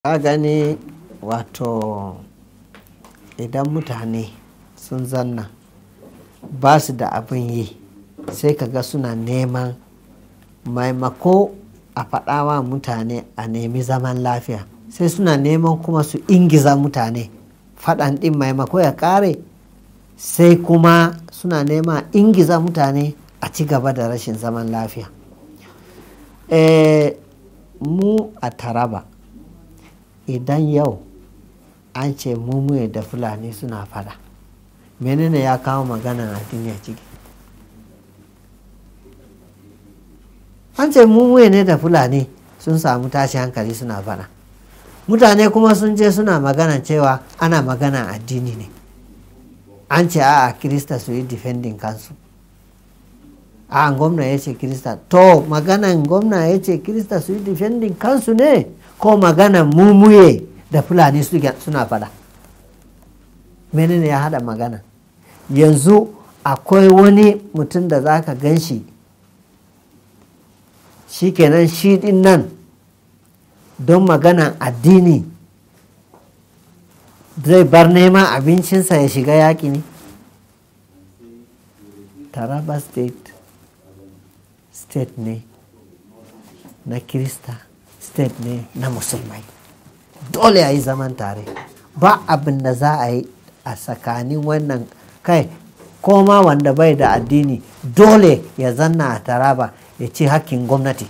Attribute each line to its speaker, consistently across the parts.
Speaker 1: ka gani wato idan mutane sun zanna ba su da abin yi sai ka ga suna neman maimako a faɗawa mutane a nemi zaman lafiya sai suna neman kuma su ingiza mutane faɗan ɗin maimako ya ƙare sai kuma suna nema ingiza mutane a ci gaba da rashin zaman lafiya eh, mu a taraba idan yau an ce mumuye da fulani suna fada menene ya kawo magana na duniya ciki an ce mumuye ne da fulani sun samu tashi hankali suna fada mutane kuma sun je suna magana cewa ana magana addini ne an ce a kirista su yi defending kansu a gwamna ya ce kirista to maganan gwamna ya ce kirista su yi defending kansu ne ko magana mumuye da fulani suna faɗa menene ya haɗa magana yanzu akwai wani mutum da za ka gan shi shi kenan shi din nan don magana addini zai bar neman abincinsa ya shiga yaƙi ne taraba state state ne na kirista state ne na musulmai dole a zaman tare ba abin da za a yi a tsakanin wannan kai koma wanda bai da addini dole ya zanna a taraba ya ci hakkin gwamnati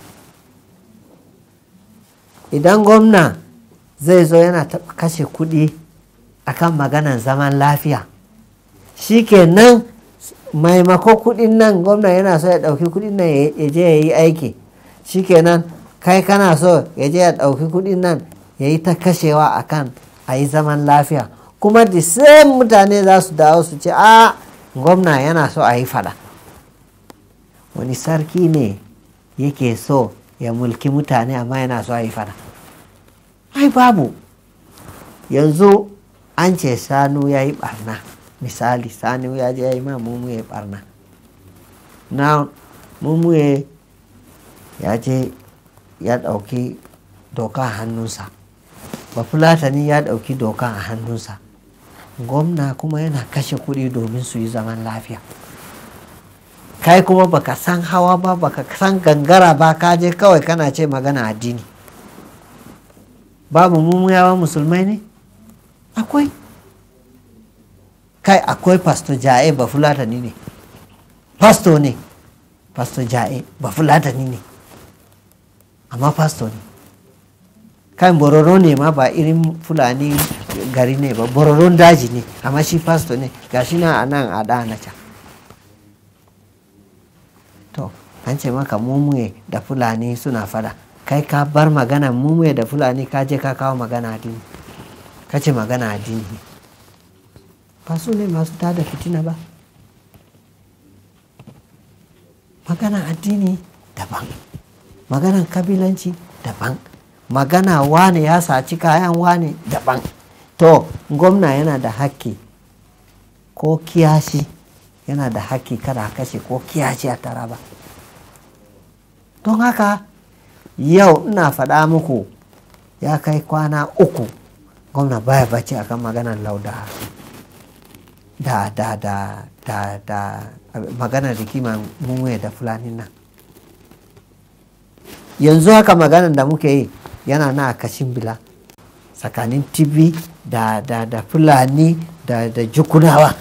Speaker 1: idan gwamna zai zo yana taɓa kashe kuɗi akan maganan zaman lafiya shi maimako kuɗin nan gwamna yana so ya ɗauki kuɗin nan ya je ya yi aiki shikenan kai kana so ya je ya ɗauki kuɗin nan ya yi ta kashewa a kan a yi zaman lafiya kuma da sai mutane za su dawo su ce a gwamna yana so a yi fada wani sarki ne yake so ya mulki mutane amma yana so a yi fada ai babu yanzu an ce sanu ya yi barna misali sanu ya je ya yi ma yi barna na mumu ya je ya ɗauki doka a hannunsa bafulatani ya ɗauki doka a hannunsa gwamna kuma yana kashe kuɗi domin su yi zaman lafiya kai kuma baka san hawa ba baka san gangara ba ka je kawai kana ce magana addini babu mummuyawa musulmai ne akwai kai akwai pastor ja'e ba fulatani ne pastor ne pastor ja'e ba fulatani ne amma pastor ne kan bororo ne ma ba irin fulani gari ne ba bororon daji ne amma shi pastor ne ga shi na a nan a ɗana can to an ce maka mumuye da fulani suna fada kai ka bar magana mumuye da fulani ka je ka kawo magana addini ka ce magana addini ba su ne masu da fitina ba magana addini daban maganan kabilanci daban magana wane ya saci kayan wane daban to gwamna yana da haƙƙi ko kiyashi yana da haƙƙi kada kashe ko kiyashi a tara ba don haka yau ina faɗa muku ya kai kwana uku gwamna baya bacci akan maganan lauda da da da da da maganar rikiman da fulani nan yanzu haka maganan da muke yi yana na kashin bila tsakanin tibi da da da fulani da da jukunawa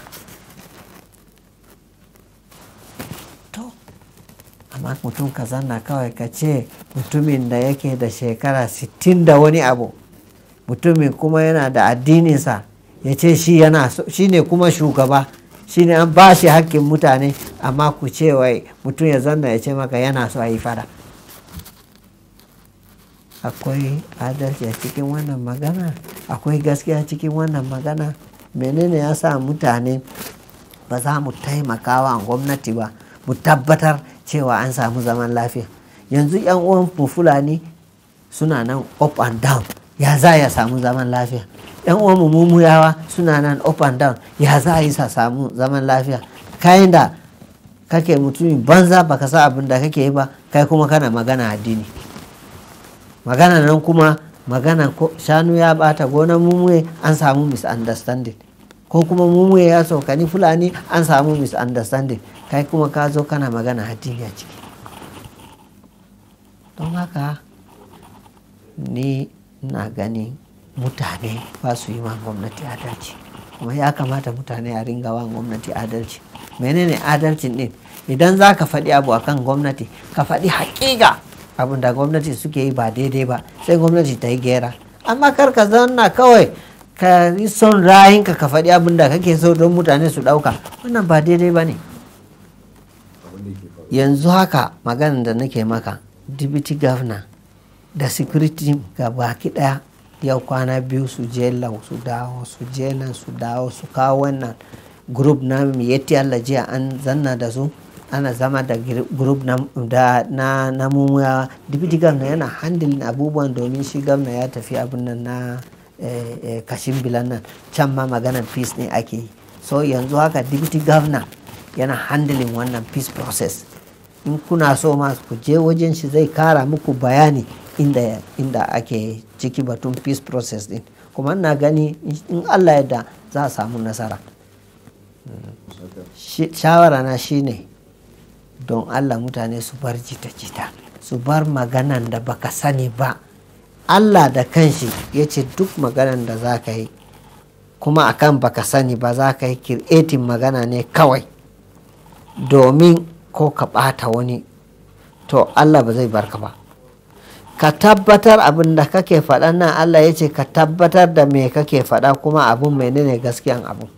Speaker 1: to amma mutum ka zanna kawai ka ce mutumin da yake da shekara sittin da wani abu mutumin kuma yana da addininsa ya ce shi yana shi ne kuma shugaba shi ne an ba shi hakkin mutane amma ku ce wai mutum ya zanna ya ce maka yana so a yi fara. akwai adalci a cikin wannan magana akwai gaskiya cikin wannan magana menene ya sa mutane ba za mu taimakawa gwamnati ba mu tabbatar cewa an samu zaman lafiya yanzu yan uwan fulani suna nan up and down ya za ya samu zaman lafiya yan uwan mumuyawa suna nan up and down ya za a yi sa samu zaman lafiya kayan da kake mutumin banza baka sa abin da kake yi ba kai kuma kana magana addini magana nan kuma magana shanu ya bata gonar mumuye an samu misunderstanding ko kuma mumuye ya saukani fulani an samu misunderstanding kai kuma ka zo kana magana addini a ciki don haka ni na gani mutane ba su yi ma gwamnati adalci kuma ya kamata mutane a ringa wa gwamnati adalci menene adalcin din idan za ka faɗi abu a kan gwamnati ka faɗi haƙiƙa abin da gwamnati suke yi ba daidai ba sai gwamnati ta yi gera amma kar ka zanna kawai ka yi son rayinka ka faɗi abin da kake so don mutane su ɗauka wannan ba daidai ba ne yanzu haka maganar da nake maka dibiti gavna da security ga baki ɗaya yau kwana biyu su jela su dawo su jela su dawo su kawo wannan group na yeti Allah jiya an zanna da su ana zama da group na na mumuyawa dipiti gamna yana handling abubuwan domin shi gamna ya tafi abin nan na eh, eh, kashin bilan nan can ma maganar peace ne ake yi so yanzu haka dibiti gamna yana handling wannan peace process in kuna so ma ku je wajen shi zai kara muku bayani inda inda ake ciki batun peace process din kuma ina gani in allah yadda za a samu nasara mm. shawara na shine don allah mutane su bar jita-jita su bar maganan da baka sani ba allah da kanshi ya ce duk maganan da za ka yi kuma akan baka sani ba za ka yi kir'etin magana ne kawai domin ko ka ɓata wani to allah ba zai barka ba ka tabbatar abin da kake faɗa nan allah ya ce ka tabbatar da me kake faɗa kuma abin menene gaskiyan abin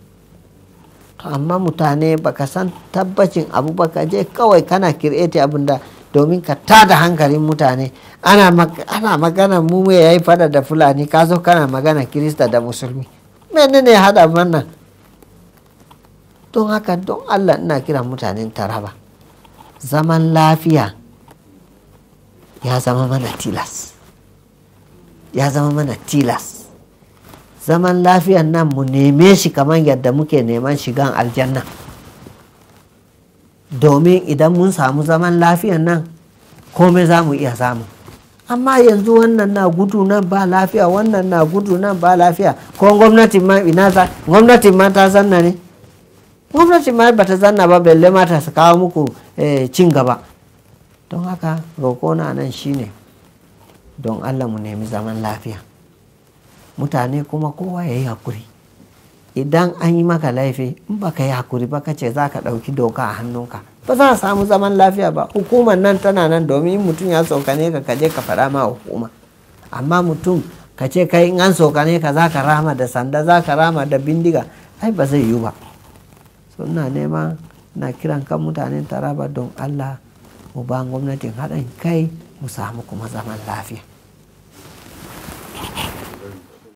Speaker 1: amma mutane baka san tabbacin abu ba ka je kawai kana kireti abin da domin ka tada hankalin mutane ana magana mu me yi fada da fulani ka zo kana magana kirista da musulmi menene hada wannan don haka don allah ina kira mutanen taraba zaman lafiya ya zama mana tilas ya zama mana tilas zaman lafiyan nan mu neme shi kamar yadda muke neman shigan aljanna domin idan mun samu zaman lafiyan nan komai za mu iya samu amma yanzu wannan na gudu nan ba lafiya wannan na gudu nan ba lafiya ko gwamnatin ma ina za gwamnatin ma ta zanna ne gwamnatin ma ba ta zanna ba belle ma ta kawo muku eh, cin gaba don haka roƙo na nan shine don allah mu nemi zaman lafiya mutane kuma kowa ya yi hakuri idan an yi maka laifi in ba ka yi hakuri ba ka ce za ka ɗauki doka a hannunka ba za a samu zaman lafiya ba hukumar nan tana nan domin mutum ya tsokane ka kaje ka faɗa ma hukuma amma mutum ka ce kai in an tsokane ka za ka rama da sanda za ka rama da bindiga ai ba zai yiwu ba so ina nema na kiran kan mutanen taraba don allah mu ba gwamnatin haɗin kai mu samu kuma zaman lafiya